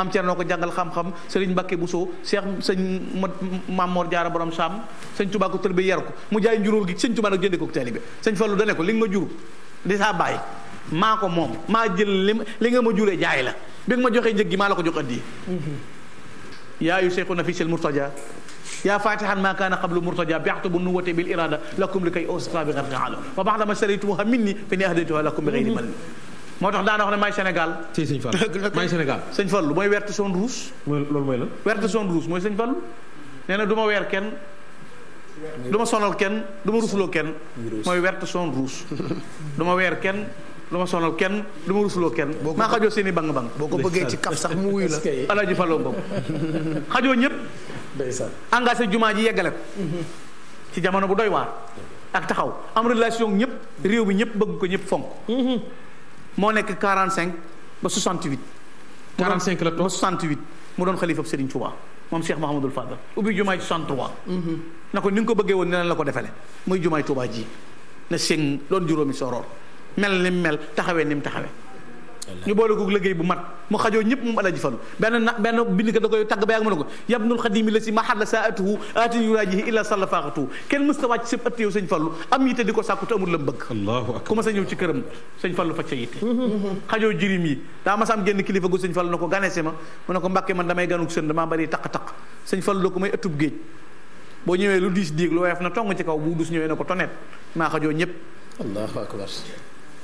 maam Cerno ko jàngal xam-xam Serigne Mbacke Bousso Cheikh sëñ Maam Mor Jaara borom Saam sëñ Tuubaa ko tëlbi yar ko mu jaay njuróol gi sëñ Tuubaa nag jënde ko taalibe sëñ Fallu ma jur di saa bàyyi maa ko moom maa jël li li nga ma juree jaay la bi nga ma joxee njëg gi maa la ko jox addi mm-hmm. yaa yu seexu na fi sel murtaja yaa fatihan maa kaana qablu murtaja biaxtu bu nu wate bil lakum li kay bi xar nga wa baxdama sarituha minni fa ni lakum bi xeyri mal moo tax daana wax ne may Sénégal. si sëñ Fall may Sénégal. sëñ Fallu mooy werte son rouge. mooy loolu mooy la. werte son rouge mooy sëñ Fallu nee na du ma weer kenn. du ma sonal kenn du ma rusloo kenn. mooy werte son rouge. du weer kenn. lu ma kenn lu ma kenn. boo maa xajoo seen i bang bang. boo ko bëggee ci kaf sax mu wuyu la. alaaji faloo mbokk xajoo ñëpp. ndeysaan engagé jumaa ji yeggale ko. Mm-hmm. ci jamono bu doy waa ak taxaw am relation ñëpp réew bi ñëpp bëgg ko ñëpp fonk. Mm-hmm. moo nekk 45 ba 68. 45 la toog ba 68 mu doon xalifa Serigne Touba moom Cheikh Mouhamadul Fadal ubbi jumaay 63. na ko ni nga ko bëggee woon ne la ko defale muy jumaay Touba ji na sëñ doon juróomi soroor mel ni mel taxawee ni mu taxawee. ñu boole ko liggéey bu mat mu xajoo ñëpp mu ma sa ñëw ci këram sëñ Fallu faj sa yitte xajoo jirim yi daa ma sam génn kilifa gu sëñ Fallu na ko ganese ma mu ne bari taq-taq sëñ Fallu la ko may ëttub géej boo ñëwee lu diis déeg lu woyof na tong ci kaw bu dus ñëwee na ko tonet maa xajoo ñëpp allahu akbar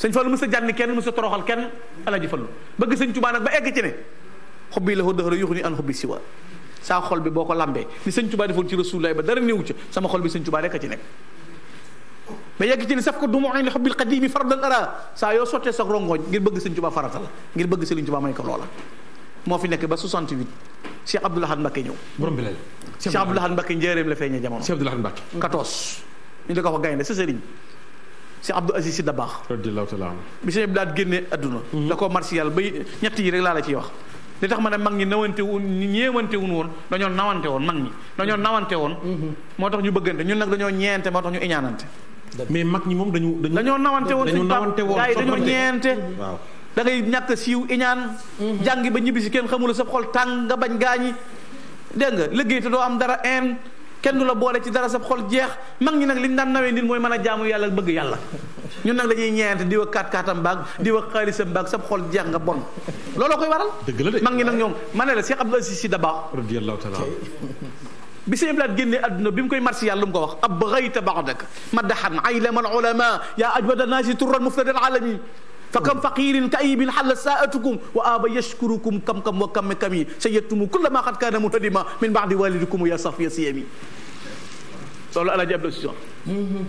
sëñ Fallu mës a jànni kenn mës sa toroxal kenn Alaaji Fallu bëgg sëñ Tuubaa nag ba egg ci ne xubbi lahu dëhra yuxni an xubbi siwa saa xol bi boo ko lambee ni sëñ Tuubaa defoon ci Rasulullaah ba dara néewu ca sama xol bi sëñ Tuubaa rek a ci nekk ba yegg ci ne saf ko du ma li xubbil xadimi fardal ara saa yoo sottee sax rongoñ ngir bëgg sëñ Tuubaa farata la ngir bëgg sëñ Tuubaa may ko loola moo fi nekk ba 68 Cheikh Abdoul Ahad Mbacké ñëw borom bi la Cheikh Abdoul Ahad Mbacké njëréem la feeñee jamono Cheikh Abdoul Ahad Mbacké 14 ñu di ko wax gaynde si Abdou Aziz si Dabaax. radiyallaahu taala bi sëñ bi daal génne àdduna. Mhm. da koo mar si yàlla yi rek laa la ciy wax. li tax ma ne mag ñi nawante wu ñeewante wuñu woon dañoo nawante woon mag ñi dañoo mhm. woon. Mhm. moo tax ñu bëggante ñun nag dañoo ñeente moo tax ñu iñaanante. mais mag ñi moom dañu dañu dañoo nawante woon dañoo nawante woon yi dañoo ñeente. waaw da ngay ñàkk siiw iñaan. jàngi ba ñibbi si kenn xamul sa xol tàng nga bañ gaañi dégg nga liggéey te doo am dara en kenn du la boole ci dara sa xol jeex mag ñi nag liñ daan nawee nit mooy mën a jaamu yàlla bëgg yàlla ñun nag dañuy ñeente di wa kaat kaatam baag di wa xaalisam baag sa xol jeex nga bon looloo koy waral. dëgg la de mag ñi nag ñoom ma ne la Cheikh Abdou Aziz Sy Dabakh. radiyallahu taala bi sëñ Blaat àdduna bi mu koy marsi yàlla lu mu ko wax ab baxayta ma madaxan aylamal ulama yaa ajwada naasi turan muftada alami فكم فقير كئيب حل ساءتكم وآبى يشكركم كم كم وكم كم سيدتم كل ما قد كان مهدما من بعد والدكم يا صفي سيمي loolu El Hadj Abdoulaye Sy Dior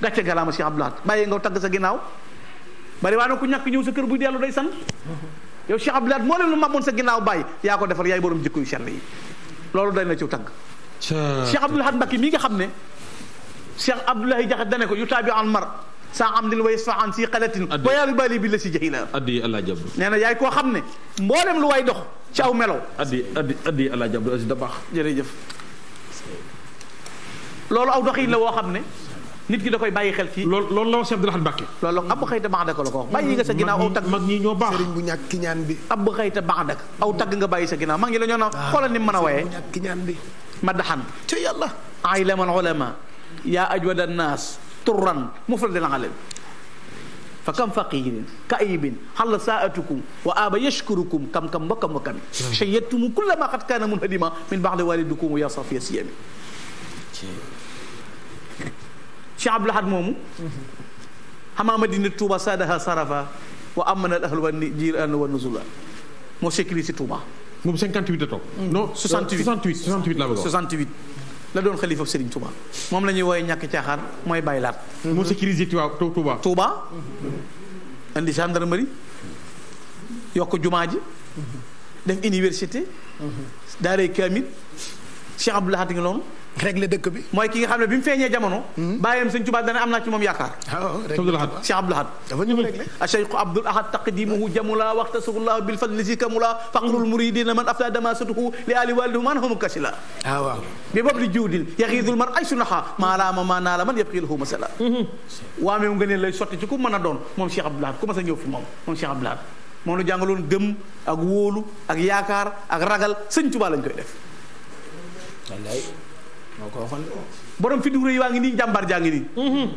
gàcce galaama si Abdoulaye bàyyi nga tagg sa ginnaaw bari waa na ku ñàkk ñëw sa kër buy dellu day sant yow Cheikh Abdoulaye moo leen lu màbboon sa ginnaaw bàyyi yaa ko defar yaay borom jikko yu sell yi loolu day na ci tagg Cheikh Abdoul Ahad Mbacké mi nga xam ne Cheikh Abdoulaye Jaxate dane ko yu taabi al mar saa am din way so an si xalatin wayalu bali bi la si jahila addi allah jabdu nee na yaay koo xam ne mboolem lu way dox ci aw melow addi addi addi allah jabdu asi da baax jërëjëf loolu aw doxin la woo xam ne nit ki da koy bàyyi xel ci loolu loolu la wax Cheikh Abdoul Ahad Mbacké loolu la ab xëyta baax daka la ko wax bàyyi nga sa ginnaaw aw tagg mag ñi ñoo baax sëriñ bu ñàkk kiñaan bi ab xëyta baax dak aw tagg nga bàyyi sa ginnaaw mag ñi la ñoo na ah, xoolal ni mën a waye ñàkk kiñaan bi ma daxan ca yàlla ay laman ulama yaa ajwada naas طرا مفرد العالم فكم فقير كئيب هل ساءتكم وآب يشكركم كم كم وكم وكم شيدتم كل ما قد كان منهدما من بعد والدكم ويا صافي سيام شعب لحد موم حما مدينة توبا سادها صرفا وأمن الأهل والجيران والنزولا مو سيكريتي توبة moom 58 تو نو 68 68 68. la doon xalifa Serigne Touba moom la ñuy wooye ñàkk caaxaan mooy bàyyi laat. moo sécurisé Touba Touba. Touba indi gendarmerie yokk jumaa ji def université. Mhm. daaray Kamil Cheikh Abdoulaye Hadj Ngilone régler dëkk bi mooy ki nga xam ne bi mu feeñee jamono hmm? bàyyam sëñ Tuubaa dana am naa ci moom yaakaar ah, oh, Cheikh Abdoul Ahad dafa ñëw régler Cheikh Abdoul Ahad taqdimuhu jamula waxtasirullahu bil fadli si kamula faqrul muridina man afta dama sutuhu li ali walidihu man humu kasila ah waaw bi bob li jiwdil yaxidul mar ay sunaha maalaama maa naa la man yëpp xiilahu masala hmm. waameew nga ne lay sotti ci ku mën a doon moom Cheikh Abdoul Ahad ku mas a ñëw fi moom moom Cheikh Abdoul Ahad moom la jàngaloon gëm ak wóolu ak yaakaar ak ragal sëñ Tuubaa lañ koy def borom fi duure yaangi ni jambar jàmbar mhm. jaa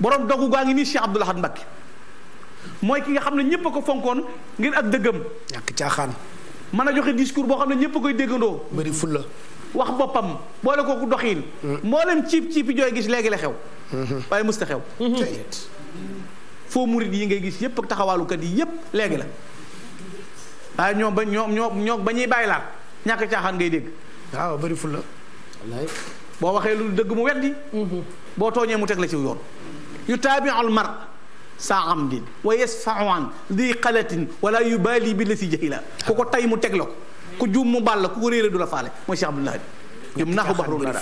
borom dogu gaangi ni Cheikh abdullah Ahad moy ki nga xamne ñepp ko fonkon ngir ak deugum ñak caaxaan mën a joxe discours bo xamne ñepp ñëpp koy déggandoo bëri fulla wax bo la ko ku mo mhm. leen ciip ciip joy gis léegi la xew mhm. way musta xew fo murid yi ngay gis yépp ak kat yi yépp léegi la ay ñom ba ñom ñok ngay degg waaw bëri ful la. boo waxee lu dëgg mu weddi. Mm-hmm. boo tooñee mu teg la ci yoon. yu taabi al mar saa am din wa yasfau an di xalatin wala yu baali bi la si jahila ku ko tay mu teg la ko. ku juum mu baal la ku ko réeré du la faale mooy Cheikh Abdoulaye. yum naxu baxru la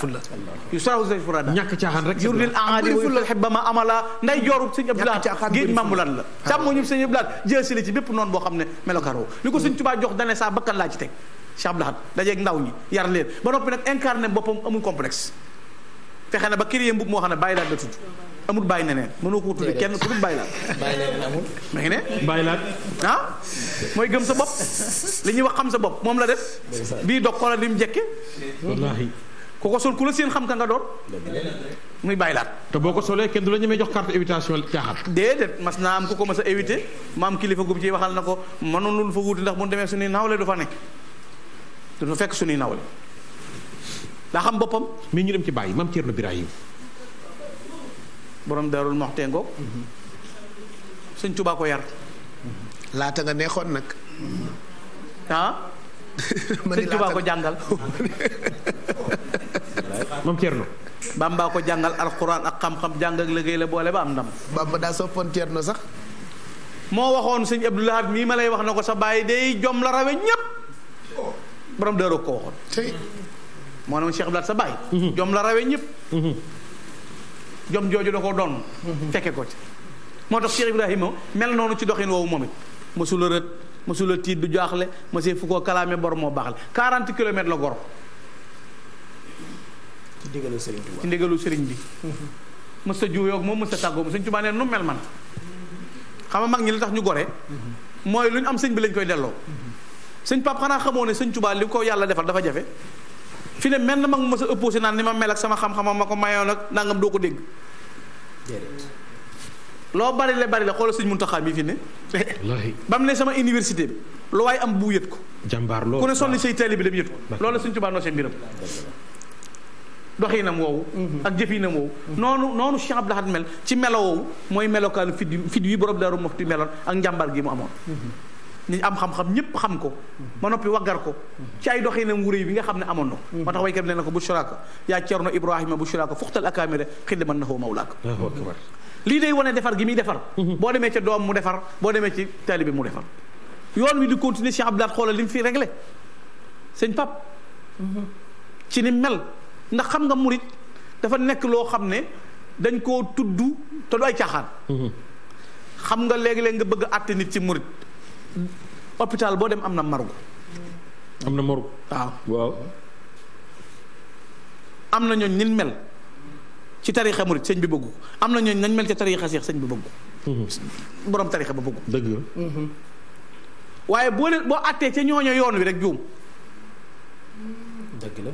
yu saraxu sa furada ñàkk caaxaan rek yurdil aadi wa yusalhib ma amala nday jooru sëñ Abdoulaye géej la la sàmm ñu sëñ Abdoulaye jël si la ci bépp noonu boo xam ne melokaroo li ko sëñ Tuubaa jox dane saa bakkan laa ci teg Cheikh Abdou Lahad ndaw ñi yar leen ba noppi nag incarné boppam amul complexe fexe na ba créé mbub moo xam ne bàyyi laat la tudd amul bàyyi neneen mënoo ko tuddi kenn ku dul bàyyi ma ngi ne bàyyi ah? mooy gëm sa bopp li ñuy wax xam sa bopp moom la def bii dog ko la li mu jekke wallaahi ku ko sol ku la seen xam ka nga doon muy bàyyi laat te boo ko solee kenn du la ñemee jox carte invitation caaxaan déedéet mas naa am ku ko mas a évité maam kilifa gub ci waxal na ko ma mënoon lu fa wuuti ndax bu demee suñu nawle du fa ne du nu fekk suñuy nawle daa xam boppam. mais ñu dem ci bàyyi maam Thierno Birahim. borom darul moxtee ngoog. sëñ Tuubaa yar. laata nga neexoon nag. ah. sëñ ko jàngal. maam Thierno. ko jàngal alxuraan ak xam-xam jàng ak liggéey la boole ba am ndam. Bamba daa soppoon Thierno sax. moo waxoon sëñ Abdoul Ahad ma lay wax na ko sa bàyyi day jom la rawe ñépp borom dëru ko waxoon moo ne ma Cheikh Abdoulaye sa baay mhm. jom la rawee ñëpp mhm. jom jooju da ko doon mhm. fekke ko ci moo tax Cheikh Ibrahima mel noonu ci doxin woowu moom it mësula rët mësula tiit du jaaxle mësee fu ko kalaame bor moo baaxle 40 kilomètres la gor ci ndigalu sëriñ bi ci ndigalu sëriñ bi mës ta juuyoo ak moom mës ta tàggoo moom sëñ Tuubaa nu mel man xam nga mag ñi li tax ñu gore mooy lu ñu am sëñ bi lañ koy delloo sëñ Pape xanaa xamoo ne sëñ Touba li ko yàlla defal dafa jafe fi ne mel na mag ma sa opposé naan ni ma mel ak sama xam-xamam ma ko mayoon ak nangam doo ko dégg. loo bari la bari la xoolal sëñ Muntaxa mi fi ne. ba ne sama université bi lu waaye am bu yët ko. jàmbaar loolu ku ne sonni say taalibe bi la yët ko. loolu la sëñ Touba noosee mbiram. doxinam woowu. Mm-hmm. ak jëfinam woowu. noonu noonu Cheikh Abdou Lahad mel ci melo woowu mooy melokaanu fit fit wi borom Daaru Muxti meloon gi mu amoon. Mm-hmm. ñu am xam-xam ñëpp xam ko ma noppi waggar ko ci ay doxinam wu réy bi nga xam ne amoon na moo tax waykat bi nee na ko bu shuraaka yaa cerno ibrahima bu shuraaka fuxtal akaamire xiddi mën na xoo mawlaak lii day wane defar gi muy defar mhm. boo demee ca doom defar boo demee ci taalibe mu defar yoon wi di continuer Cheikh Abdoulaye xoolal li mu fi réglé sëñ pap mhm. ci ni mel ndax xam nga murit dafa nekk loo xam ne dañ koo tudd te du ay caaxaan mhm. xam nga léegi-léeg nga bëgg àtte nit ci murit hôpital boo dem am na morgue. am na morgue. waaw waaw. am na ñooñ nin mel ci tariixa murit sëñ bi bëgg ko am na ñooñ nañ mel ci tariixa seex sëñ bi bëgg ko mhm. borom tariixa ba bëgg ko dëgg mhm. waaye boo leen boo àttee ca ñooño yoon wi rek juum dëgg la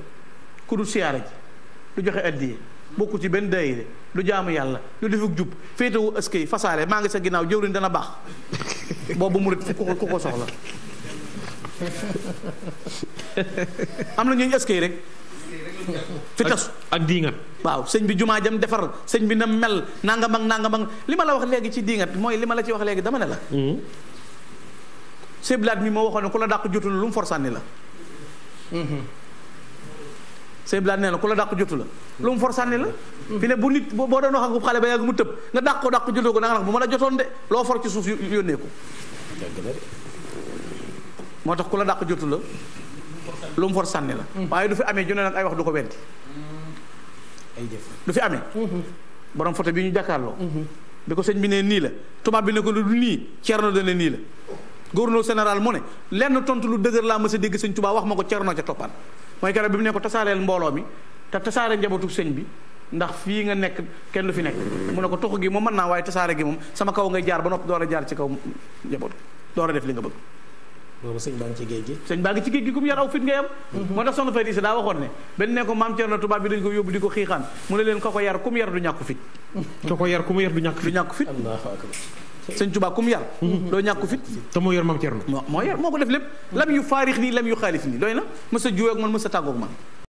ku du siyaare ji du joxe addiye bokku ci ben dayire du jaamu yàlla du defuk fete wu ëskay fasale ma nga sa ginaaw jëwriñ dana bax bobu murid ku ko soxla am na ñu ëskay rek fitas ak diingat waaw señ bi juma jam defar señ bi na mel nangam ak nangam ak lima la wax legi ci diingat moy lima la ci wax legi dama ne la hmm. mi mo waxone kula lu mu forsani la hmm, hmm. sëñ laa nee na ku la dàq jotu la lu mu for sànni la. fi ne bu nit boo doon wax ak xale ba yàgg mu tëb nga dàq ko dàq ko jotu ko danga nag bu ma la jotoon de loo for ci suuf yónnee tax ku la jotu la lu mu for sànni la. Mm-hmm. waaye du fi amee junne nag ay wax du ko wenti. Mm-hmm. jëf du fi amee. Mm-hmm. borom photo bi ñu jàkkaarloo. bi ko sëñ bi ne nii la tubaab bi ne ko lu du nii Thierno da ne nii la. gouverneur général mu ne lenn tontu lu dëgër laa mës a dégg sëñ Tuubaa wax ma ko Thierno ca toppaan. mooy garab bi mu ne ko tasaareel mbooloo mi te tasaare njabootu señ bi ndax fii nga nekk kenn du fi nekk mu ne ko toxu gi moom mën naa waaye tasaare gi moom sama kaw nga jaar ba noppi door a jaar ci kaw njaboot door a def li nga bëgg boobu sëñ baa ngi ci géej gi sëñ yar aw fit ngay mm-hmm. moo tax soxna Faty Issa daa waxoon ne benn ne ko maam Cerno tubaab bi dañ ko yóbbu di ko xiixaan mu ne leen ko ko yar ku yar du ñàkk fit ko ko yar ku yar du ñàkk fit du ñàkk fit yar mm-hmm. doo ñàkk fit te moo yar maam Cerno moo yar moo ko def lépp lam yu faarix nii lam yu xaalif nii doy na mës a man mës a man